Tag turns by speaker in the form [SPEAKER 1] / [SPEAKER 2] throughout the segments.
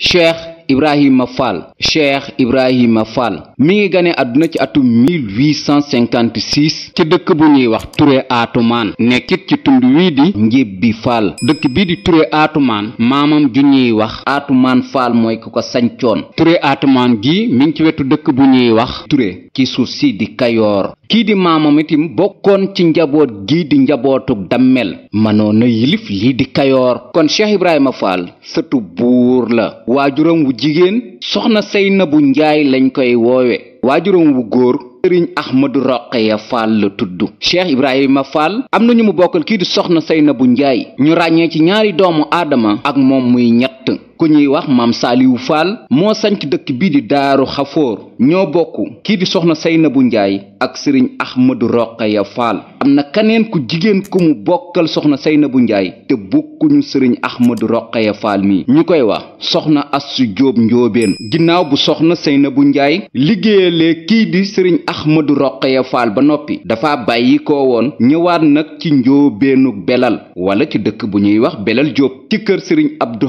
[SPEAKER 1] cheikh Ibrahima Fall Cheikh Ibrahima Fall mi ngi gane àdduna ci atum 1856 ci dëkk bu ñuy wax Touré Atoumane nekkit ci tund wii di njébbi faal dëkk bii di ture atumaan maamam ju ñuy wax aatumaan faal mooy ku ko sañcoon ture atumaan gi mi ngi ci wetu dëkk bu ñuy wax ture ci suuf si di kayoor kii di maamam itam bokkoon ci njaboot gii di njabootug dammel mënoon na yilif lii di kayoor kon Cheikh Ibrahima Fall sëtu buur la waajuram wu jigéen soxna Seynabu Njaay lañ koy woowe waajuram wu góor sëriñ Ahmadou roq Fall la tudd Cheikh Ibrahima Fall am nañu ñu mu bokkal kii di soxna bu Njaay ñu ràññee ci ñaari doomu aadama ak moom muy ñett ku ñuy wax maam saaliwu faal moo sanc dëkk bii di daaru xafoor ñoo bokk kii di soxna bu Njaay ak sëriñ Ahmadu Roqaya Faal am na kaneen ku jigéen ku mu bokkal soxna bu Njaay te bokkuñu sëriñ Ahmadu Roqaya Faal mi ñu koy wax soxna Assu Jóob Njoobeen ginnaaw bu soxna bu Njaay liggéeyale kii di sëriñ Ahmadu Roqaya Faal ba noppi dafa bàyyi ko woon ñëwaat nag ci Njoobeenu Belal wala ci dëkk bu ñuy wax Belal Jóob ci kër sëriñ Abdu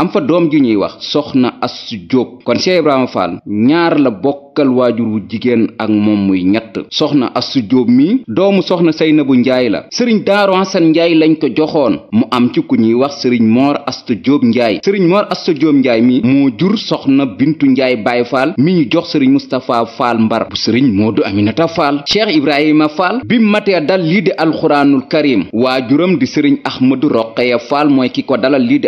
[SPEAKER 1] am fa doom ju ñuy wax soxna Astou Diop kon Cheikh Ibrahima Fall ñaar la bokkal waajur wu jigéen ak moom muy ñett soxna Astou Diop mi doomu soxna Seynabou Njaay la sëriñ Daaru Asan Njaay lañ ko joxoon mu am ci ku ñuy wax sëriñ Moor Astou Diop Njaay sëriñ Moor Astou Diop Njaay mi moo jur soxna Bintu Njaay Baay Fall mi ñu jox sëriñ Moustapha Fall Mbar bu sëriñ Moodu Aminata Fall Cheikh Ibrahima Fall bi matee dal lii di alxuraanul karim waajuram di sëriñ Ahmadou Roqeya Fall mooy ki ko dalal lii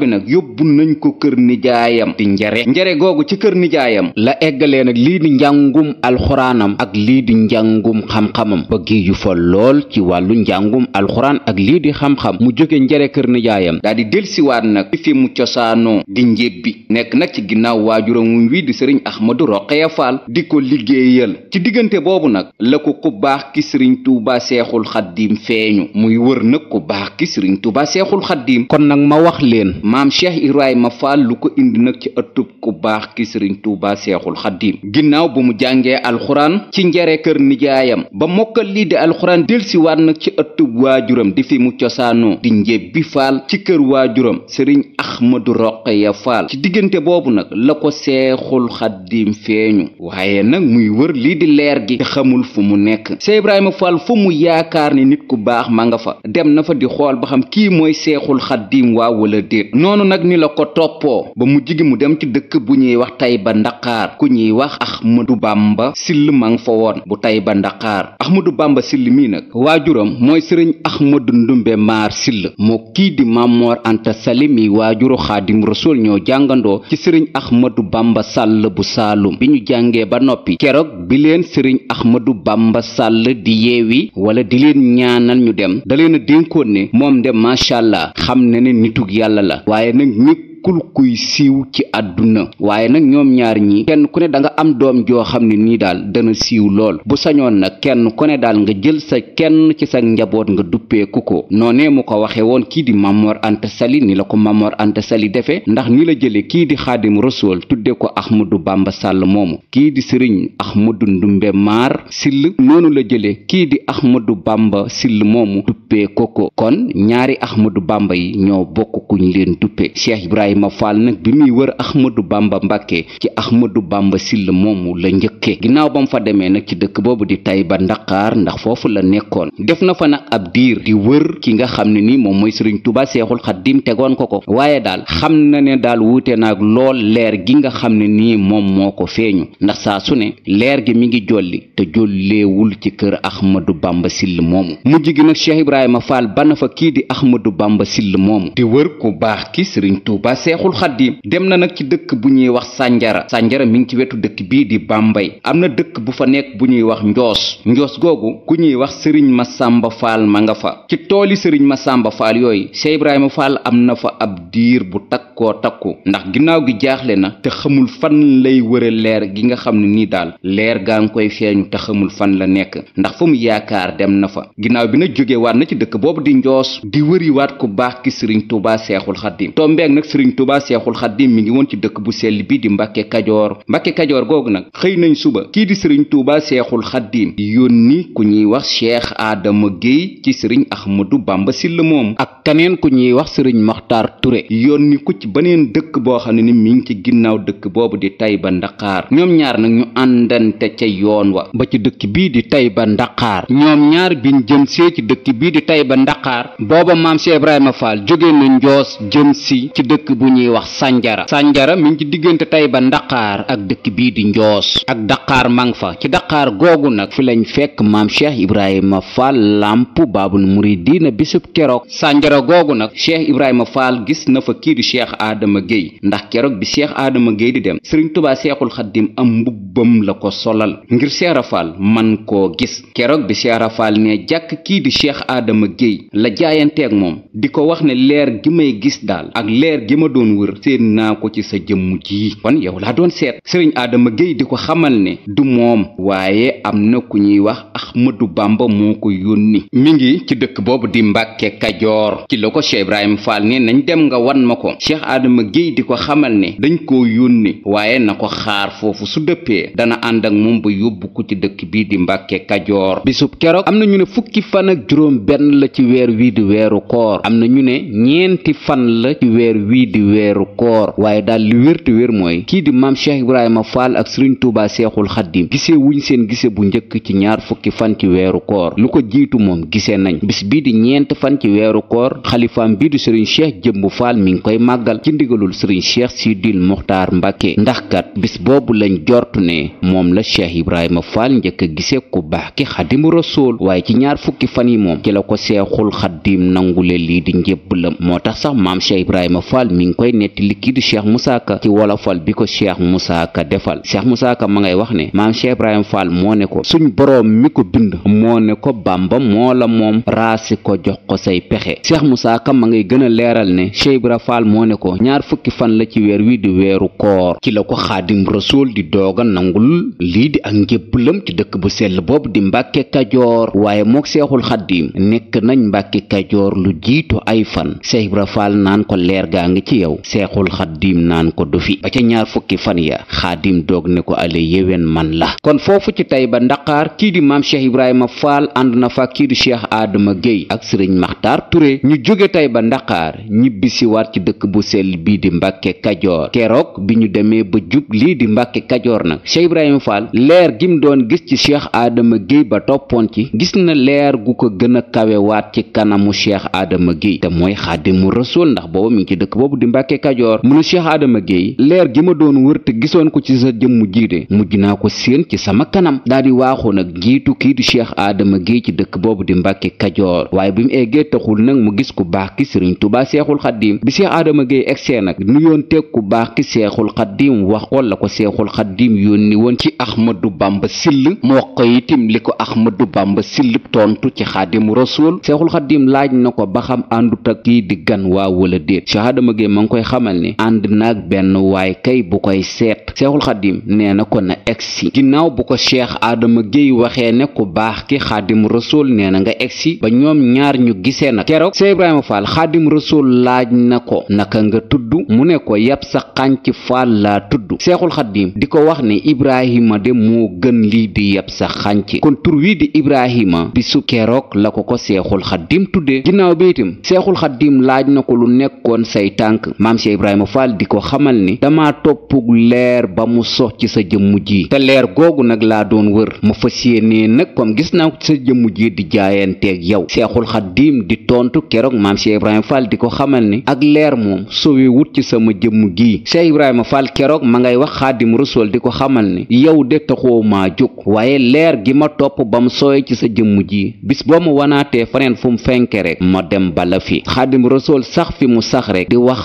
[SPEAKER 1] bi nag yóbbu nañ ko kër nijaayam di njare njare googu ci kër nijaayam la eggalee nag lii di njàngum alxuraanam ak lii di njàngum xam-xamam ba gi yu fa lool ci wàllu njàngum alxuraan ak lii di xam-xam mu jóge njare kër nijaayam daa di delsiwaat nag fi mu cosaanoo di njébbi nekk nag ci ginnaaw waajuram wi di sëriñ Ahmadu Roqeya Faal di ko liggéeyal ci diggante boobu nag la ko ko baax ki sëriñ Tuuba Seexul Xaddiim feeñu muy wër nag ko baax ki sëriñ Tuuba Seexul Xaddiim kon nag ma wax leen maam cheikh ibrahima fall lu ko indi nag ci ëttub ku baax ki sëriñ tuuba seexul xaddiim ginnaaw bu mu jàngee alxuraan ci njare kër nijaayam ba mokkal lii di alxuraan delsiwaat nag ci ëttub waajuram di fi mu cosaanoo di njébbi faal ci kër waajuram sëriñ axmadu roqaya faal ci diggante boobu nag la ko seexul xaddiim feeñu waaye nag muy wër lii di leer gi xamul fu mu nekk cheikh ibrahima fall fu mu yaakaar ni nit ku baax ma nga fa dem na fa di xool ba xam kii mooy seexul xaddiim waa wala déet noonu nag ni la ko toppoo ba mu jigi mu dem ci dëkk bu ñuy wax ba Ndaqaar ku ñuy wax Ahmadu Bamba Sill ma fa woon bu Tayba Ndaqaar Ahmadu Bamba Sill mii nag waajuram mooy sëriñ Ahmadu Ndumbe Maar Sill moo kii di Mamor Anta Sali mi waajuru Xaadim Rasuul ñoo jàngandoo ci sëriñ Ahmadu Bamba Sàll bu Saalum bi ñu jàngee ba noppi keroog bi leen sëriñ Ahmadu Bamba Sàll di yeewi wala di leen ñaanal ñu dem da leen dénkoon ne moom de macha allah xam na ne nitug yàlla la waaye nag nit nekkul kuy siiw ci àdduna waaye nag ñoom ñaar ñi kenn ku ne da nga am doom joo xam ne nii daal dana siiw lool bu sañoon nag kenn ku ne daal nga jël sa kenn ci sa njaboot nga duppeeku ko noonee mu ko waxe woon kii di Mamor Anta Sali ni la ko Mamor Anta Sali defee ndax nii la jële kii di Xaadim Rasuul tudde ko Ahmadu Bamba Sàll moomu kii di sëriñ Ahmadu Ndumbe Maar Sill noonu la jële kii di Ahmadu Bamba Sill moomu duppee ko ko kon ñaari Ahmadu Bamba yi ñoo bokk Ibrahima Fall nag bi muy wër Ahmadou Bamba Mbàkke ci Ahmadou Bamba Sylla moomu la njëkke ginnaaw ba mu fa demee nag ci dëkk boobu di Taïba Ndakaar ndax foofu la nekkoon def na fa nag ab diir di wër ki nga xam ne ni moom mooy Sëriñ Tuubaa Seexul Xaddim tegoon ko ko waaye daal xam na ne daal wuute naag lool leer gi nga xam ne nii moom moo ko feeñu ndax saa su ne leer gi mi ngi jolli te jolleewul ci kër Ahmadou Bamba Sylla moomu mujj gi nag Cheikh Ibrahima Fall bana fa kii di Ahmadou Bamba Sylla moomu di wër ku baax ki Sëriñ Tuubaa seexul xaddim dem na nag ci dëkk bu ñuy wax sànjara sànjara mi ngi ci wetu dëkk bii di bàmbay am na dëkk bu fa nekk bu ñuy wax njoos njoos googu ku ñuy wax sëriñ ma sàmba Faal ma nga fa ci tooli sëriñ Masamba Faal yooyu Cheikh Ibrahima Faal am na fa ab diir bu takkoo takku ndax ginnaaw gi jaaxle na te xamul fan lay wëra leer gi nga xam ne nii daal leer gaa ngi koy feeñu te xamul fan la nekk ndax fa mu yaakaar dem na fa ginnaaw bi nag jógewaat na ci dëkk boobu di njoos di wëriwaat ku baax ki sëriñ Tuubaa Seexul sëriñ Tuubaa Seexul Xaddim mi ngi woon ci dëkk bu sell bi di Mbàkke Kajoor Mbàkke Kajoor googu nag xëy nañ suba kii di sëriñ Tuubaa Seexul Xaddim yónni ku ñuy wax Cheikh Adama Guèye ci sëriñ Ahmadou Bamba Sylla moom ak kaneen ku ñuy wax sëriñ Maxtaar Touré yónni ku ci beneen dëkk boo xam ne ni mi ngi ci ginnaaw dëkk boobu di Tayba Ndakaar ñoom ñaar nag ñu àndante ca yoon wa ba ci dëkk bii di Tayba Ndakaar ñoom ñaar biñ jëm see ci dëkk bii di Tayba Ndakaar booba maam Cheikh Ibrahima Fall jóge na njoos jëm si ci dëkk bu ñuy wax sànjara sànjara mi ngi ci diggante ba Ndaqaar ak dëkk bii di Njoos ak Daqaar mang fa ci Daqaar googu nag fi lañ fekk maam Cheikh Ibrahima Fall Lamp Baabul Muridiina bisub keroog sànjara googu nag Cheikh Ibrahima Fall gis na fa kii di Cheikh aadama Guèye ndax keroog bi Cheikh aadama Guèye di dem Sëriñ Tuubaa Seexul Xaddim am mbubbam la ko solal ngir Cheikh Rafal man koo gis keroog bi Cheikh Rafal ne jàkk kii di Cheikh aadama Guèye la jaayanteeg moom di ak leer doon wër seen naa ko ci sa jëmm ji kon yow laa doon seet sëriñ Adama Gueye di ko xamal ne du moom waaye am na ku ñuy wax Ahmadou Bamba moo ko yónni mu ngi ci dëkk boobu di Mbàkke Kajoor ci la ko Cheikh Ibrahima Fall ne nañ dem nga wan ma ko Cheikh Adama Gueye di ko xamal ne dañ koo yónni waaye na ko xaar foofu su dëppee dana ànd ak moom ba yóbbu ko ci dëkk bii di Mbàkke Kajoor bisub keroog am na ñu ne fukki fan ak juróom benn la ci weer wii di weeru koor am weer di weeru koor waaye daal li wér te wér mooy kii di maam cheikh ibrahima faal ak sëriñ tuuba seexul xaddim gise wuñ seen gise bu njëkk ci ñaar fukki fan ci weeru koor lu ko jiitu moom gisee nañ bis bii di ñeent fan ci weeru koor xalifaam bii di sëriñ cheikh jëmbu faal mi ngi koy màggal ci ndigalul sëriñ cheikh sidil muxtaar mbàkke ndax kat bis boobu lañ jortu ne moom la cheikh ibrahima faal njëkk a gisee ku baax ki xadimu rasool waaye ci ñaar fukki fan yi moom ci la ko seexul xaddim leen lii di njëbbalam moo tax sax maam cheikh mi ngi koy nettali kii du cheikh Moussa Ka ci wolofal bi ko cheikh Moussa Ka defal cheikh Moussa Ka ma ngay wax ne maam Cheikh Ibrahima faal moo ne ko suñ boroom mi ko bind moo ne ko Bàmba moo la moom raasi ko jox ko say pexe cheikh Moussa Ka ma ngay gën a leeral ne Cheikh Ibrahima Fall moo ne ko ñaar fukki fan la ci weer wi di weeru koor ci la ko xaadim rasool di dooga nangul lii di ak njébbalam ci dëkk bu sell boobu di mbàkke kajoor waaye mook seexul xaddim nekk nañ mbàkke kajoor lu jiitu ay ci yow seexul xaddiim naan ko du fi ba ca ñaar fukki fan ya xaadim doog ne ko ale yéwén man la kon foofu ci tey ba ndaqaar kii di maam cheikh ibrahima faal ànd na fa kii di cheikh aadama géey ak sëriñ maxtaar ture ñu jóge tey ba ndaqaar ñibbisi waat ci dëkk bu sell bii di mbàkke kajoor keroog bi ñu demee ba jub lii di mbàkke kajoor nag cheikh ibrahima faal leer mu doon gis ci cheikh aadama géey ba toppoon ci gis na leer gu ko gën a kawewaat ci kanamu cheikh di mbàkke kajoor mu ne cheikh aadama géey leer gi ma doon wër te gisoon ko ci sa jëmm jiide mujj naa ko séen ci sama kanam daa di waaxu nag jiitu kii di cheikh aadama géey ci dëkk boobu di mbàkke kajoor waaye bi mu eggee taxul nag mu gis ku baax ki sëriñ tubaa seexul xaddiim bi cheikh aadama géey egsee nag nuyoon teg ku baax ki seexul xaddiim wax ko la ko seexul xaddiim yónni woon ci ahmadu bamba sill moo ko itim li ko ahmadu bamba sill tontu ci xaadimu rasuul seexul xaddiim laaj na ko ba xam àndut ak kii di gan waa ma ngi koy xamal ne ànd naag benn waaye kay bu koy seet seexul xadim nee na ko na egsi ginnaaw bu ko cheikh aadama géey waxee ne ku baax ki xaadim rasool nee na nga egsi ba ñoom ñaar ñu gisee nag keroog Cheikh Ibrahima Fall xaadim rasool laaj na ko naka nga tudd mu ne ko yab sa xànc faal laa tudd seexul xadim di ko wax ne ibrahima de moo gën lii di yab sa xànc kon tur wi di ibrahima bi su keroog la ko ko seexul xadim tudde ginnaaw bi itam seexul xadim tànk maam Cheikh Ibrahima Fall di ko xamal ni damaa toppug leer ba mu sox ci sa jëmm ji te leer googu nag laa doon wër ma fas yéenee nag comme gis naa sa jëmm ji di jaayanteeg yow Seexul Xaddiim di tontu keroog maam Cheikh Ibrahima Fall di ko xamal ni ak leer moom sowe wut ci sama jëmm gii Cheikh Ibrahima Fall keroog ma ngay wax Xaadim Rasul di ko xamal ni yow de taxoo maa jóg waaye leer gi ma topp ba mu sooye ci sa jëmm ji bis boo ma fu mu fenke rek ma dem ba la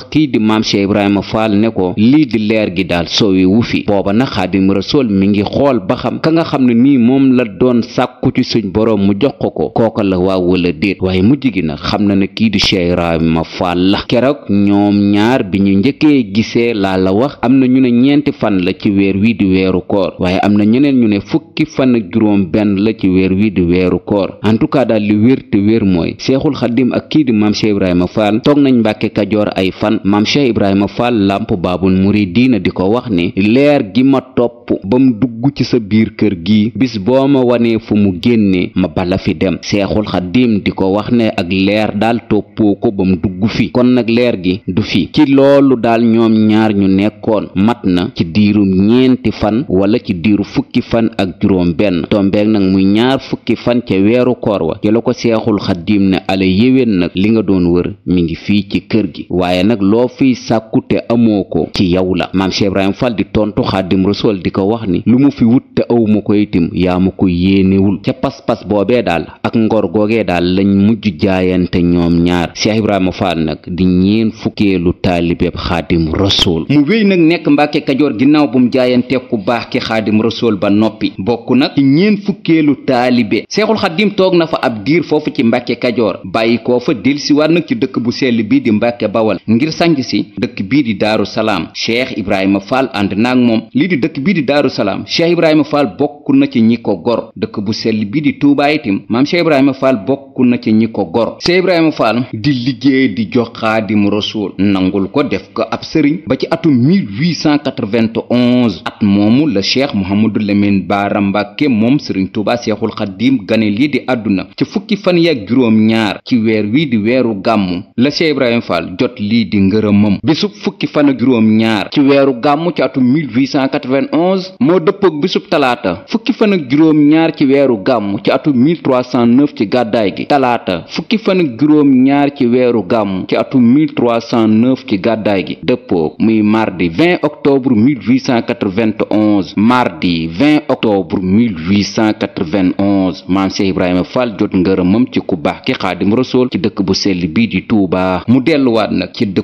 [SPEAKER 1] wax kii di maam Cheikh Ibrahima Fall ne ko lii di leer gi daal soowi wu fi booba na xaadim rasool mi ngi xool ba xam ka nga xam ne nii moom la doon sàkku ci suñ boroom mu jox ko ko kooka la waaw wala déet waaye mujj gi nag xam na ne kii di Cheikh Ibrahima Fall la keroog ñoom ñaar bi ñu njëkkee gisee laa la wax am na ñu ne ñeenti fan la ci weer wii di weeru koor waaye am na ñeneen ñu ne fukki fan ak juróom benn la ci weer wii di weeru koor en tout cas daal li wér te wér mooy seexul xaddim ak kii di maam Cheikh Ibrahima Fall toog nañ Mbàkke Kajoor ay fan alxuraan maam Cheikh Ibrahima Fall làmp baabul diina di ko wax ni leer gi ma topp ba mu dugg ci sa biir kër gi bis boo ma wanee fu mu génne ma bala fi dem seexul xaddiim di ko wax ne ak leer daal toppoo ko ba mu dugg fi kon nag leer gi du fi ci loolu daal ñoom ñaar ñu nekkoon mat na ci diiru ñeenti fan wala ci diiru fukki fan ak juróom benn tombeeg nag muy ñaar fukki fan ca weeru koor wa ci la ko seexul xaddiim ne ala yéwén nag li nga doon wër mi ngi gi loo fiy sàkku te amoo ko ci yow la maam Cheikh Ibrahima Fall di tontu xaadim rasul di ko wax ni lu mu fi wut te aw ko itam yaa ma ko yéenewul ca pas-pas boobee daal ak ngor googee daal lañ mujj jaayante ñoom ñaar Cheikh Ibrahima Fall nag di ñeen fukkeelu taalibeeb xaadim rasul mu wéy nag nekk Mbàkke Kajoor ginnaaw bu mu jaayante ku baax ki xaadim rasul ba noppi bokk nag ci ñeen fukkeelu taalibe seexul xaadim toog na fa ab diir foofu ci Mbàkke Kajoor bàyyi koo fa dellusiwaat nag ci dëkk bu sell bii di Mbàkke Bawal ngir sànc si dëkk bii di daaru salaam cheikh ibrahima fall ànd naag moom lii di dëkk bii di daaru salaam cheikh ibrahima fall bokk na ci ñi ko gor dëkk bu sell bii di tuubaa itam maam cheikh ibrahima fall bokk na ci ñi ko gor cheikh ibrahima fall di liggéey di jox xaadimu rasuul nangul ko def ko ab sëriñ ba ci atum 1891 at moomu la cheikh mouhamadou lemin baara mbàkke moom sëriñ tuubaa seexul xaddiim gane lii di àdduna ci fukki fan yaak juróom ñaar ci weer wii di weeru gàmmu di ngërëmam bisub fukki fan ak juróom ñaar ci weeru gàmm ci atum 1891 moo dëppook bisub talaata fukki fan ak juróom ñaar ci weeru gàmmu ci atum 1309 ci gàddaay gi talaata fukki fan ak juróom ñaar ci weeru gàmm ci atum 1309 ci gàddaay gi dëppook muy mardi 20 octobre 1891 mardi 20 octobre 1891 maam Cheikh Ibrahima Fall jot ngërëmam ci ku baax ki xaadim rasool ci dëkk bu sell bii di Touba mu delluwaat nag ci dëkk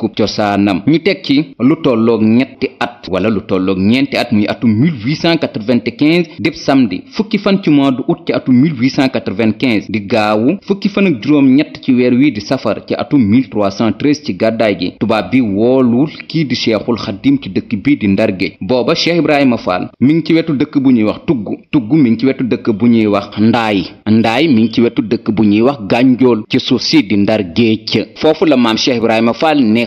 [SPEAKER 1] dëkkub cosaanam ñu teg ci lu tolloog ñetti at wala lu tolloog ñeenti at muy atum 1895 dépp samedi fukki fan ci mois de ut ci atum 1895 di gaawu fukki fan ak juróom-ñett ci weer wi di safar ci atum 1313 ci gàddaay gi tubaab bi woolu kii di cheikhul xadim ci dëkk bii di ndar géej booba cheikh ibrahima fall mi ngi ci wetu dëkk bu ñuy wax tugg tugg mi ci wetu dëkk bu ñuy wax ndaay ndaay mi ngi ci wetu dëkk bu ñuy wax gànjool ci suuf si di ndar géej foofu la maam cheikh ibrahima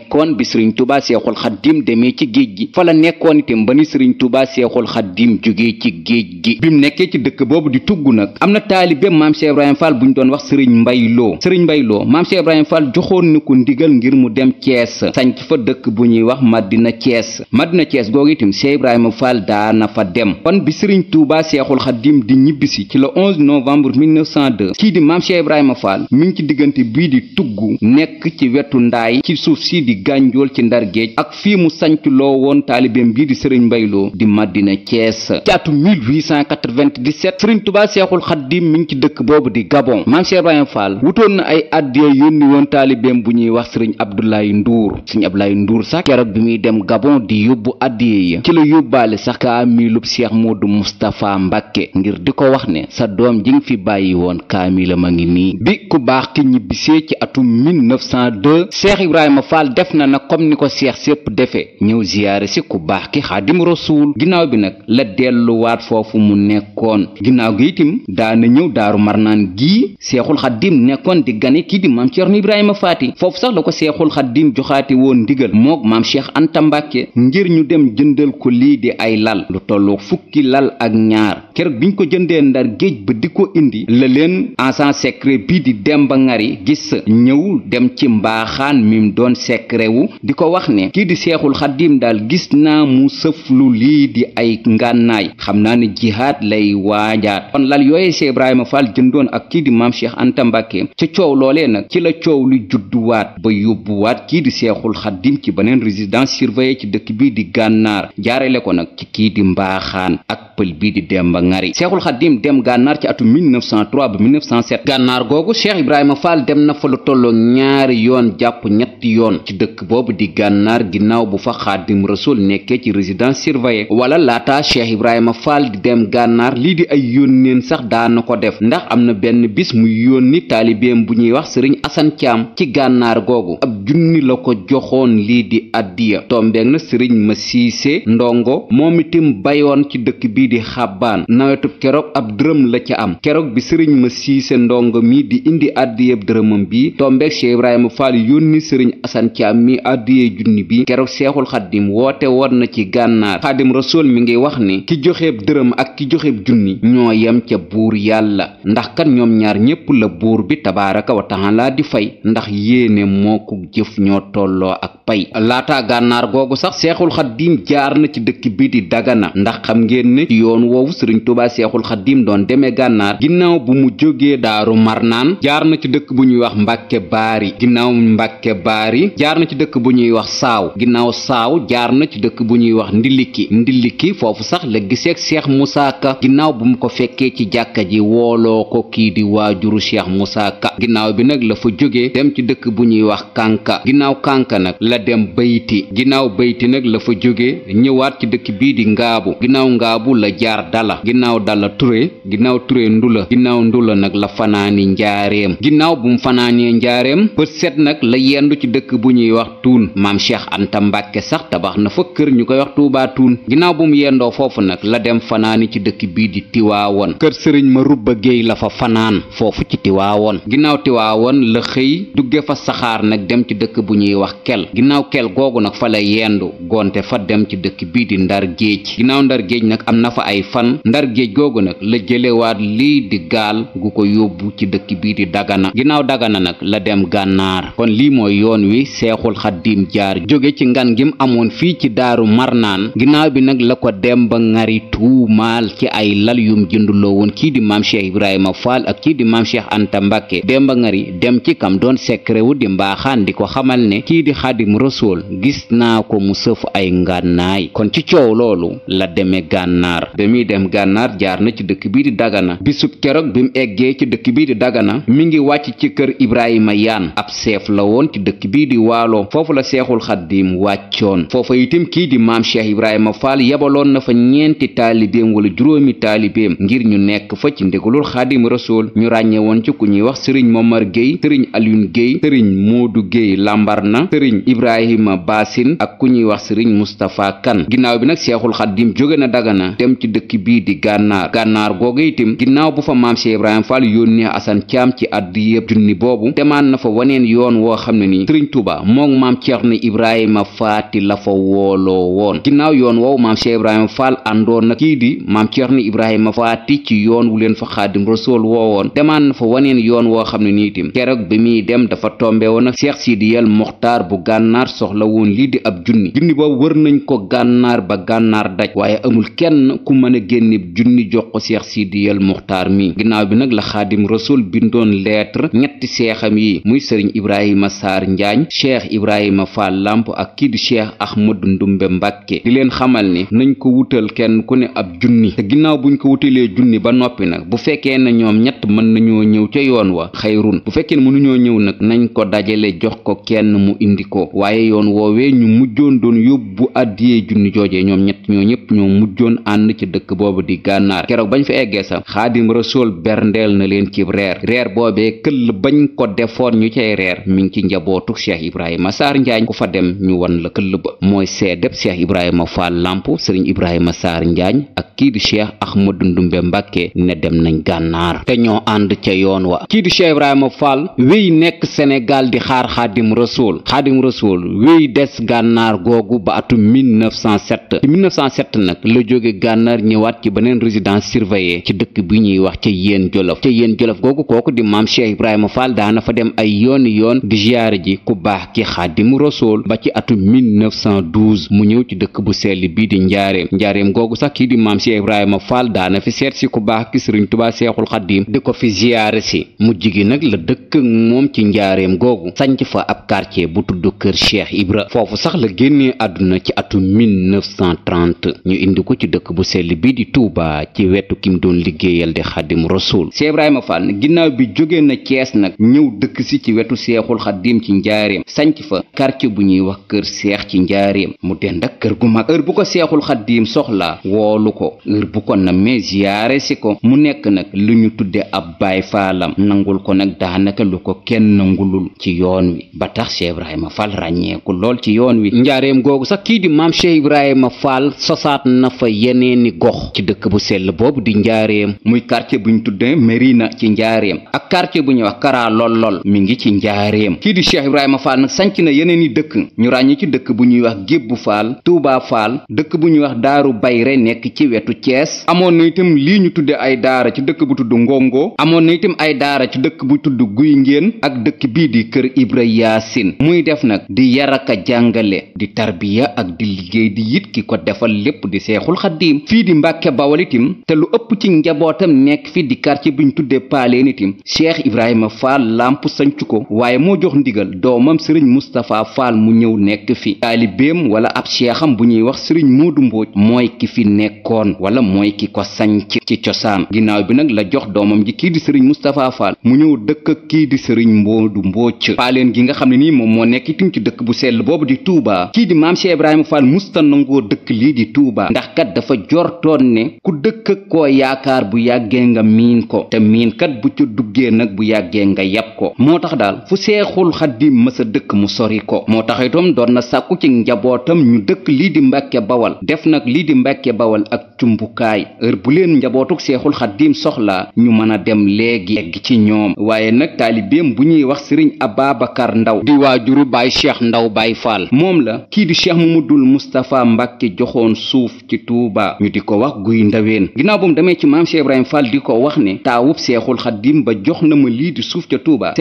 [SPEAKER 1] kon bi sëriñ tubaa seexul xaddim demee ci géej gi fa la nekkoon itam ba ni sëriñ tubaa seexul xaddim jógee ci géej gi bi mu nekkee ci dëkk boobu di tugg nag am na taalibe maam Cheikh Ibrahima Fall bu ñu doon wax sëriñ mbayloo sëriñ mbayloo maam Cheikh Ibrahima Fall joxoon na ko ndigal ngir mu dem Cees sanc fa dëkk bu ñuy wax Madina Cees Madina Cees googu itam Cheikh Ibrahima Fall daana fa dem kon bi sëriñ Touba seexul xaddim di ñibbisi ci le 11 novembre 1902 kii di maam Cheikh Ibrahima Fall mi ngi ci diggante bii di tugg nekk ci wetu ndaay ci ji gànjool ci ndar géej ak fii mu sanc loo woon taalibeem bii di sëriñ mbayloo di madina cees ci atu 1897 sëriñ tubaa seexul xaddim mi ngi ci dëkk boobu di gabon maam cheikh ibrahima fall wutoon na ay addiya yónni woon taalibeem bu ñuy wax sëriñ abdoulaye nduur sëriñ abdoulaye nduur sax keroog bi muy dem gabon di yóbbu addiya yi ci la yóbbaale sax kaamilub seex moodu mustapha mbàkke ngir di ko wax ne sa doom ji nga fi bàyyi woon kaamila ma ngi nii bi ku baax ki ñibbisee ci atum def na nag comme ni ko seex sépp defee ñëw ziyaare si ku baax ki xaadim rasuul ginnaaw bi nag la delluwaat foofu mu nekkoon ginnaaw gi itim daana ñëw daaru marnaan gii seexul xaddim nekkoon di gane kii di maam Cerno Ibrahima Faati foofu sax la ko seexul xaddim joxaati woon ndigal mook maam Cheikh Anta Mbàkke ngir ñu dem jëndal ko lii di ay lal lu tolloo fukki lal ak ñaar keroog biñ ko jëndee ndar géej ba di ko indi la leen agent secret bii di Demba Ngari gis ñëw dem ci mbaaxaan secret wu di ko wax ne kii di seexul xaddiim daal gis naa mu sëflu lii di ay ngànnaay xam naa ne jihaad lay waajaat kon lal yooyee Cheikh Ibrahima Fall jëndoon ak kii di maam Cheikh Anta Mbàkke ca coow loolee nag ci la coow lu judduwaat ba yóbbuwaat kii di seexul xaddiim ci beneen résidence surveillée ci dëkk bii di gànnaar jaarale ko nag ci kii di mbaaxaan ak pël bii di dem Demba Ngari seexul xaddiim dem gànnaar ci atu 1903 ba 1907 gànnaar googu Cheikh Ibrahima faal dem na fa lu ñaari yoon jàpp ñetti yoon ci dëkk boobu di gànnaar ginnaaw bu fa xaadim rasul nekkee ci résidence surveillée wala laata cheikh ibrahima fall di dem gànnaar lii di ay yónneen sax daana ko def ndax am na benn bis mu yónni taalibeem bu ñuy wax sëriñ asan caam ci gànnaar googu ab junni la ko joxoon lii di addiya tombeeg na sëriñ ma siise ndongo moom itam bayoon ci dëkk bii di xàbbaan nawetub keroog ab dërëm la ca am keroog bi sëriñ ma siise ndongo mi di indi addiyab dërëmam bi tombeeg Caam mi àdduyee junni bi keroog seexul xaddim woote woon na ci gànnaar xaadim rasool mi ngi wax ni ki joxeeb dërëm ak ki joxeeb junni ñoo yem ca buur yàlla ndax kan ñoom ñaar ñépp la buur bi tabaaraka wa taala di fay ndax yéene moo ko jëf ñoo tolloo ak pay laata gànnaar googu sax seexul xaddim jaar na ci dëkk bi di dagana ndax xam ngeen ne yoon woowu sëriñ tubaa seexul xaddim doon demee gànnaar ginnaaw bu mu jógee daaru marnaan jaar na ci ñuy wax mbàkke jaar na ci dëkk bu ñuy wax saaw ginnaaw saaw jaar na ci dëkk bu ñuy wax ndilliki ndilliki foofu sax la giseeg cheikh Moussa Ka ginnaaw bu mu ko fekkee ci jàkka ji wooloo ko kii di waajuru cheikh Moussa Ka ginnaaw bi nag la fa jógee dem ci dëkk bu ñuy wax kànka ginnaaw kànka nag la dem bayti ginnaaw bayti nag la fa jóge ñëwaat ci dëkk bii di ngaabu ginnaaw ngaabu la jaar dala ginnaaw dala ture ginnaaw ture ndula ginnaaw ndula nag la fanaani njaareem ginnaaw bu fanaanee njaareem bët ñuy wax tuun maam cheikh anta mbàkke sax tabax na fa kër ñu koy wax tuubaa tuun ginnaaw yendoo foofu nag la dem fanaani ci dëkk bii di tiwaawoon kër sëriñ ma rubba géey la fa fanaan foofu ci tiwaawoon ginnaaw tiwaawoon la xëy dugge fa saxaar nag dem ci dëkk bu ñuy wax kel ginnaaw kel googu nag fa la yendu gonte fa dem ci dëkk bii di ndar géej ginnaaw ndar géej nag am na fa ay fan ndar géej googu nag la jëlewaat lii di gaal gu ko yóbbu ci dëkk bii di dagana ginnaaw dagana nag la dem gànnaar kon lii mooy yoon wi seexul xaddiim jaar jóge ci ngan gim amoon fii ci daaru marnaan ginnaaw bi nag la ko dem ba ngari tuumaal ci ay lal yum jënduloo woon kii di maam cheikh ibrahima faal ak kii di maam cheikh anta mbàkke dem ba ngari dem ci kam doon secret wu di mbaaxaan di ko xamal ne kii di xadim rasool gis naa ko mu sëf ay ngànnaay kon ci coow loolu la demee gànnaar bi muy dem gànnaar jaar na ci dëkk bii di dagana bisub keroog bi mu eggee ci dëkk bii di dagana mi ngi wàcc waalo foofu la seexul xaddiim wàccoon foofa itam kii di maam cheikh ibrahima faal yabaloon na fa ñeenti taalibeem wala juróomi taalibeem ngir ñu nekk fa ci ndigalul xaadim rasool ñu ràññe woon ci ku ñuy wax sëriñ momar géey sëriñ aliyun géey sëriñ moodu géey lambar na sëriñ ibrahima baasin ak ku ñuy wax sëriñ mustapha kan ginnaaw bi nag seexul xaddiim jóge na dagana dem ci dëkk bii di gànnaar gànnaar googu itam ginnaaw bu fa maam cheikh ibrahima faal yónnee asan caam ci àdd yëpp moom maam ni Ibrahima Faati la fa wooloo woon ginnaaw yoon woowu maam Cheikh Ibrahima Fall àndoon na kii di maam Cerno Ibrahima Faati ci yoon wu leen fa Xaadim Rasuul woowoon demaan na fa waneen yoon woo xam ne nii tim keroog bi muy dem dafa tombe woon ak Cheikh Sidiyal Moxtaar bu gànnaar soxla woon lii di ab junni junni ba wër nañ ko gànnaar ba gànnaar daj waaye amul kenn ku mën a génne junni jox ko Cheikh Sidiyal Moxtaar mii ginnaaw bi nag la Xaadim Rasuul bindoon leetre ñetti seexam yi muy sëriñ Ibrahima Saar Njaañ Cheikh cheikh ibrahima fall lamp ak kii di cheikh ahmadu ndumbe mbàkke di leen xamal ni nañ ko wutal kenn ku ne ab junni te ginnaaw buñ ko wutalee junni ba noppi nag bu fekkee na ñoom ñett mën nañoo ñëw ca yoon wa xayrun bu fekkee ne mënuñoo ñëw nag nañ ko dajale jox ko kenn mu indi ko waaye yoon woowee ñu mujjoon doon yóbbu addiyee junni joojee ñoom ñett ñoo ñëpp ñoo mujjoon ànd ci dëkk boobu di gànnaar keroog bañ fa eggee sax xaadim rasool berndeel na leen ci reer reer këll bañ ko defoon ñu cay reer mi ngi ci njabootu cheikh ibrahima Ibrahima Sarr Njaañ ku fa dem ñu wan la këll ba mooy seedeb Cheikh Ibrahima Fall Lamp Serigne Ibrahima Sarr Njaañ ak kii di Cheikh Ahmadou Mbàkke ne dem nañ gànnaar te ñoo ànd ca yoon wa kii di Cheikh Ibrahima Fall wéy nekk Sénégal di xaar xaadim rasool xaadim rasool wéy des gànnaar googu ba atum 1907 ci 1907 nag la jóge gànnaar ñëwaat ci beneen résidence surveillée ci dëkk bi ñuy wax ca yéen jolof ca yéen jolof googu kooku di maam Cheikh Ibrahima Fall daana fa dem ay yooni mbàkke xaadimu rasool ba ci atum 1912 mu ñëw ci dëkk bu sell bii di njaareem njaareem googu sax kii di maam si ibrahima fall daana fi seet si ku baax ki sëriñ tubaa seexul xaddiim di ko fi ziyaare si mu gi nag la dëkk moom ci njaareem googu sanc fa ab quartier bu tudd kër cheikh ibra foofu sax la génnee àdduna ci atum 1930 ñu indi ko ci dëkk bu sell bii di tuubaa ci wetu kim doon liggéeyal di xaadimu rasool si ibrahima fall ginnaaw bi jóge na cees nag ñëw dëkk ci wetu seexul xaddiim sanc fa bu ñuy wax kër seex ci njaareem mu dend ak kër gu mag bu ko seexul xaddiim soxla woolu ko heure bu ko namee si ko mu nekk nag lu ñu tudde ab baay faalam nangul ko nag daanaka lu ko kenn nangulul ci yoon ba tax Cheikh Ibrahima Fall ràññeeku ci yoon wi njaareem googu sax kii di maam Cheikh Ibrahima Fall sosaat na fa yeneeni gox ci dëkk bu sell boobu di njaareem muy quartier bu ñu tudde Merina ci njaareem ak quartier bu ñuy wax Kara Lol Lol mi ngi ci njaareem kii di Cheikh Ibrahima Fall nag sanc na yeneen i dëkk ñu ràññee ci dëkk bu ñuy wax Gébbu Faal Tuubaa Faal dëkk bu ñuy wax Daaru Bayre nekk ci wetu Cees amoon na itam lii ñu tudde ay daara ci dëkk bu tudd Ngomgo amoon na itam ay daara ci dëkk bu tudd Guy Ngéen ak dëkk bii di kër Ibra Yaasin muy def nag di yar jàngale di tarbiya ak di liggéey di yit ki ko defal lépp di Seexul Xaddiim fii di Mbàkke Bawal itam te lu ëpp ci njabootam nekk fi di quartier bi ñu tuddee Paaleen itam Cheikh Ibrahima Faal lamp ko waaye moo jox ndigal sëriñ Moustapha Fall mu ñëw nekk fi taalibeem wala ab seexam bu ñuy wax sëriñ moo du Mbooj mooy ki fi nekkoon wala mooy ki ko sanc ci cosaan ginnaaw bi nag la jox doomam ji kii di sëriñ Moustapha Fall mu ñëw dëkk ak kii di sëriñ Moodu Mbooj faaleen gi nga xam ne nii moom moo nekk itam ci dëkk bu sell boobu di Touba kii di maam Cheikh Ibrahima Fall musta nangoo dëkk lii di Touba ndax kat dafa jortoon ne ku dëkk ko yaakaar bu yàggee nga miin ko te miin kat bu ci duggee nag bu yàggee nga yàpp ko bëgg mu sori ko moo tax itam doon na sàkku ci njabootam ñu dëkk lii di mbàkke bawal def nag lii di mbàkke bawal ak cumbukaay heure bu leen njabootug seexul xaddiim soxla ñu mën a dem léegi egg ci ñoom waaye nag taalibeem bu ñuy wax sëriñ ababakar ndaw di waajuru baay cheikh ndaw baay faal moom la kii di mu cheikh mamadul mustapha mbàkke joxoon suuf ci tuubaa ñu di ko wax guy ndaween ginnaaw bam demee ci maam cheikh ibrahima di ko wax ne taawub seexul xaddiim ba jox na ma lii di suuf ca tuuba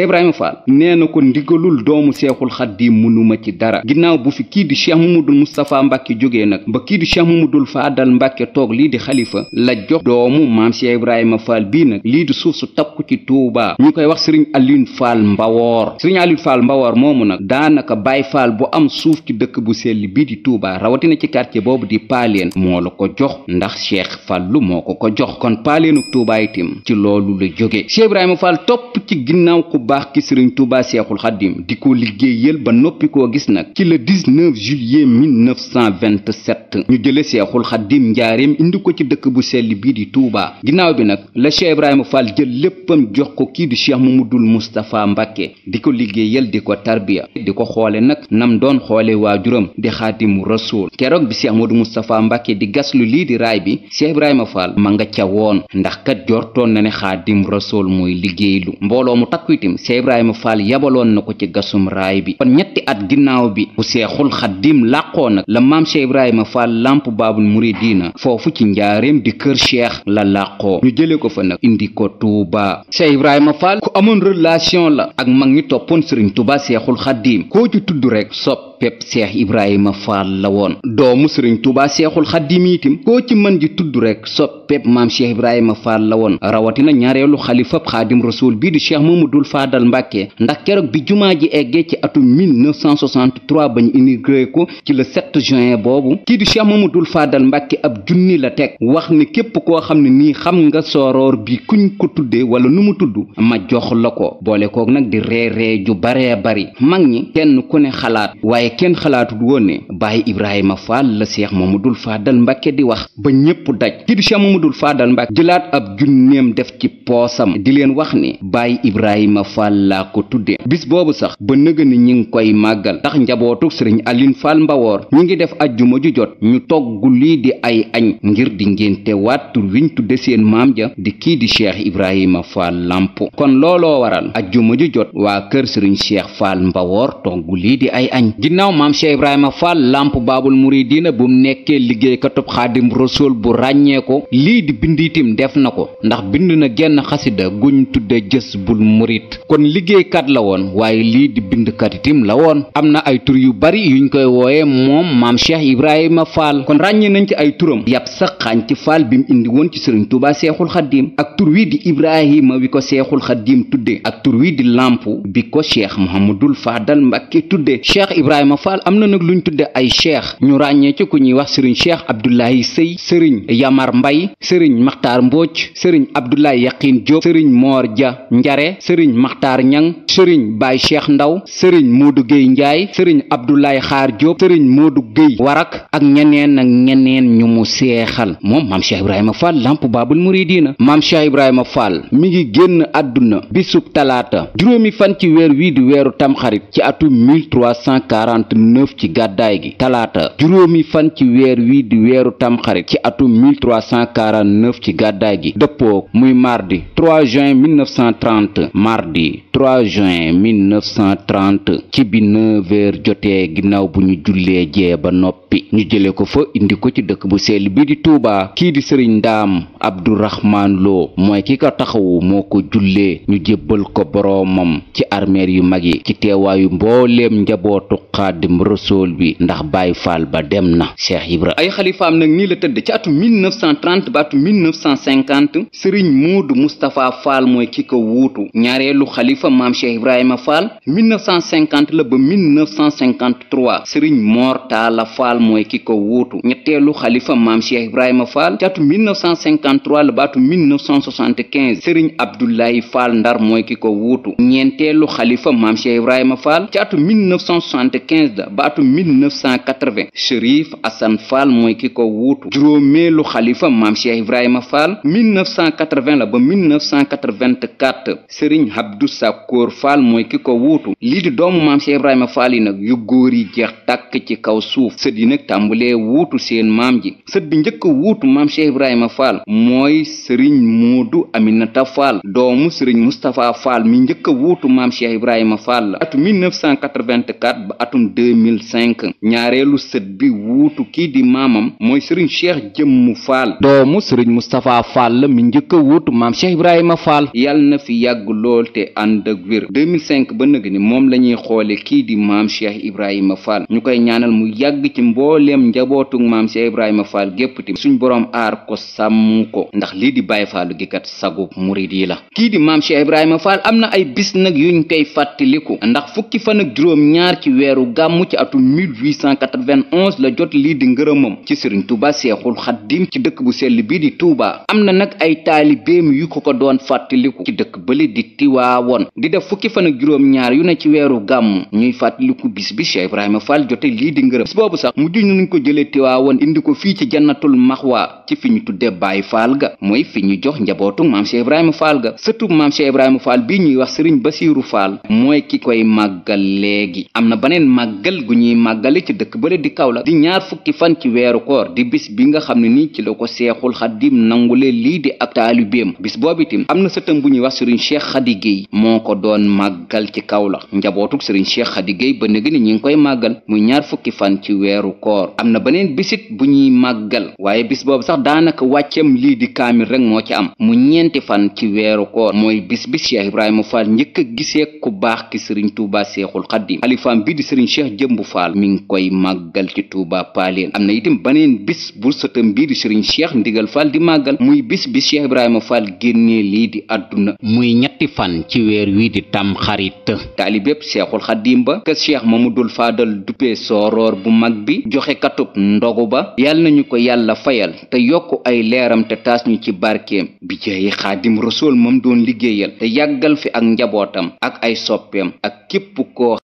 [SPEAKER 1] seexul xaddiim munuma ci dara ginnaaw bu fi kii di cheikh mamadul moustapha mbàkke jógee nag ba kii di dul mamadul faadal mbàkke toog lii di xalifa la jox doomu maam cheikh ibrahima faal bii nag lii di suuf su takku ci tuubaa ñu koy wax sëriñ Alioune Fall Mbawoor sëriñ Alioune Fall Mbawoor moomu nag daanaka Baye faal bu am suuf ci dëkk bu sell bii di tuubaa rawatina ci quartier boobu di Paaleen moo la ko jox ndax Cheikh lu moo ko ko jox kon Paaleenu Touba itam ci koy yël ba noppi koo gis nag ci le 19 juillet 1927 ñu jële seexul xaddim njaareem indi ko ci dëkk bu sell bii di Touba ginnaaw bi nag la Cheikh Ibrahima Fall jël léppam jox ko kii di Cheikh Mamadul Moustapha Mbacke di ko liggéeyal di ko tarbiya di ko xoole nag nam doon xoole waajuram di xaadimu rasul keroog bi Cheikh Mamadou Moustapha Mbacke di gaslu lii di raay bi Cheikh Ibrahima Fall ma nga ca woon ndax kat jortoon na ne xaadim rasul mooy liggéeylu mbooloo mu takku itam liggéey bi kon ñetti at ginnaaw bi bu seexul xaddim làqoo nag la maam Cheikh Ibrahima Fall lamp baabul na foofu ci njaareem di kër cheikh la làqoo ñu jëlee ko fa nag indi ko Touba Cheikh Ibrahima Fall ku amoon relation la ak mag ñi toppoon Serigne Touba seexul xaddim koo ci tudd rek sopp pep seex ibrahima faal la woon doomu sëriñ tuubaa seexul xaddim itim koo ci mën ji tudd rek soppeb maam seex ibrahima faal la woon rawatina ñaareelu xalifab xaadim rasuul bii di cheikh mamadul faadal mbàkke ndax keroog bi jumaa ji eggee ci atum 1963 bañ inauguré ko ci la 7 juin boobu kii di cheikh mamadul faadal mbàkke ab junni la teg wax ni képp koo xam ne nii xam nga soroor bi kuñ ko tuddee wala nu mu tudd ma jox la ko boole koog nag di reeree ju waaye kenn xalaatul woon ne bàyyi Ibrahima Fall la Cheikh Mamadou Fadal Mbacke di wax ba ñépp daj kii di Cheikh Mamadou Fadal Mbacke jëlaat ab junneem def ci poosam di leen wax ne bàyyi Ibrahima Fall laa ko tuddee bis boobu sax ba nëga ni ñi ngi koy màggal ndax njabootu sëriñ Aline Fall Mbawoor ñi ngi def ajjuma ju jot ñu togg lii di ay añ ngir di ngénte waat tur wiñ seen maam ja di kii di Cheikh Ibrahima Fall Lamp kon looloo waral ajjuma ju jot waa kër sëriñ Cheikh Mbawoor togg lii di ay añ ginnaaw maam Cheikh Ibrahima Fall lamp baabul muridina bu mu nekkee liggéeykatub xaadim rasul bu ràññee ko lii di bind itim def na ko ndax bind na genn xasida guñ tudde jës bul murit kon liggéeykat la woon waaye lii di bindkat itim la woon am na ay tur yu bari yuñ koy wooye moom maam Cheikh Ibrahima Fall kon ràññee nañ ci ay turam yab sax xaañ ci Fall bi mu indi woon ci sëriñ Tuubaa seexul xaddiim ak tur wi di Ibrahima wi ko seexul xaddiim tudde ak tur wi di lamp bi ko Cheikh Ibrahima Fall am na lu ñu tudde ay cheikh ñu ràññee ci ku ñuy wax sëriñ cheikh Abdoulaye Sey sëriñ Yamar Mbay sëriñ Maxtaar Mbooc sëriñ Abdoulaye Yaqin Diop sëriñ Moor Ja Njare sëriñ Maxtaar Ñang sëriñ Baay Cheikh Ndaw sëriñ Moodu Géy Njaay sëriñ Abdoulaye Xaar Diop sëriñ Moodu Géy Warak ak ñeneen ak ñeneen ñu mu seexal moom maam Cheikh Ibrahima Fall lamp baabul muridiina maam Cheikh Ibrahima Fall mi ngi génn àdduna bisub talaata juróomi fan ci weer wii di weeru 49 ci gàddaay gi talaata juróomi fan ci weer wi di weeru tamxarit ci atum 1349 ci gàddaay gi dëppoo muy mardi 3 juin 1930 mardi 3 juin 1930 ci bi 9h jotee ginnaaw bu ñu jullee jee ba noppi ñu jële ko fa indi ko ci dëkk bu seel bi di Touba kii di sëriñ Ndaam Abdourahman Lo mooy ki ko taxawu moo ko jullee ñu jébbal ko boroomam ci armeel yu mag yi ci teewaayu mbooleem njabootu xaadim rasool bi ndax Baay Faal ba dem na Cheikh Ibra ay xalifaam nag nii la tëdd ci atu 1930 ba atu 1950 sëriñ Moodu Moustapha Fall mooy ki ko wuutu ñaareelu xalifa maam Cheikh Ibrahima Fall 1950 la ba 1953 sëriñ Mor Talla Fall mooy ki ko wuutu ñetteelu xalifa maam Cheikh Ibrahima Fall ci atu 1953 la ba atu 1975 sëriñ Abdoulaye Fall Ndar mooy ki ko wuutu ñeenteelu xalifa maam Cheikh Ibrahima Fall ci 1915 ba atum 1980 Chérif Assane Fall mooy ki ko wuutu juróomeelu xalifa maam Cheikh Ibrahima Fall 1980 la ba 1984 Serigne Abdou Sakkoor Fall mooy ki ko wuutu lii di doomu maam Cheikh Ibrahima Fall yi nag yu góor yi jeex takk ci kaw suuf sët yi nag tàmbalee wuutu seen maam ji sët bi njëkk wuutu maam Cheikh Ibrahima Fall mooy Serigne Moodu Aminata Fall doomu Serigne Moustapha Fall mi njëkk wuutu maam Cheikh Ibrahima Fall la ba atum atum 2005 ñaareelu sët bi wuutu kii di maamam mooy sëriñ cheikh jëmmu faal doomu sëriñ mustapha faal la mi njëkk a wuutu maam cheikh ibrahima faal yàlla na fi yàgg lool te ànd ak wér 2005 ba nëg ni moom la ñuy xoole kii di maam cheikh ibrahima faal ñu koy ñaanal mu yàgg ci mbooleem njabootu maam cheikh ibrahima faal gépp ti suñ boroom aar ko sàmm ko ndax lii di bàyyi faalu gi kat sagub murid la kii di maam cheikh ibrahima faal am na ay bis nag yuñ koy fàttaliku ndax fukki fan ak gàmm ci atum 1891 la jot lii di ngërëmam ci sëriñ Touba Seexul Xaddim ci dëkk bu sell bii di Touba am na nag ay taali taalibeem yu ko ko doon fàttaliku ci dëkk bële di Tiwaawoon di def fukki fan ak juróom-ñaar yu ne ci weeru gàmm ñuy fàttaliku bis bi Cheikh Ibrahima Fall jote lii di ngërëm bis boobu sax mu nu ñu ko jëlee Tiwaawoon indi ko fii ci jannatul maxwa ci fi ñu tuddee Baay Faal ga mooy fi ñu jox njabootu maam Cheikh Ibrahima Fall ga sëtu maam Cheikh Ibrahima Fall bii ñuy wax sëriñ Basiiru Fall mooy ki koy màggal màggal gu ñuy màggale ci dëkk bële di Kaolack di ñaar fukki fan ci weeru koor di bis bi nga xam ne nii ci la ko seexul nangu leen lii di ak taalibeem bis boobu itam am na sëtam bu ñuy wax sëriñ Cheikh Khady Guèye moo ko doon màggal ci Kaolack njabootuk sëriñ Cheikh Khady Guèye ba nëgë ni ñi ngi koy màggal muy ñaar fukki fan ci weeru koor am na beneen bisit bu ñuy màggal waaye bis boobu sax daanaka wàccam lii di kaamil rek moo ci am mu ñeenti fan ci weeru koor mooy bis bi Cheikh cheikh jëmbu faal mi ngi koy màggal ci Touba paaleen am na itam baneen bis bu sëtam bii di sëriñ cheikh ndigal faal di màggal muy bis bi cheikh ibrahima faal génnee lii di àdduna muy ñetti fan ci weer wii di tam xarit taalibépp seexul xaddiim ba ka cheikh dul faadal duppee soroor bu mag bi joxe katub ndogu ba yàlla nañu ko yàlla fayal te yokk ay leeram te taas ñu ci barkeem bi jeeyi xaadim rasool moom doon liggéeyal te yàggal fi ak njabootam ak ay soppeem ak képp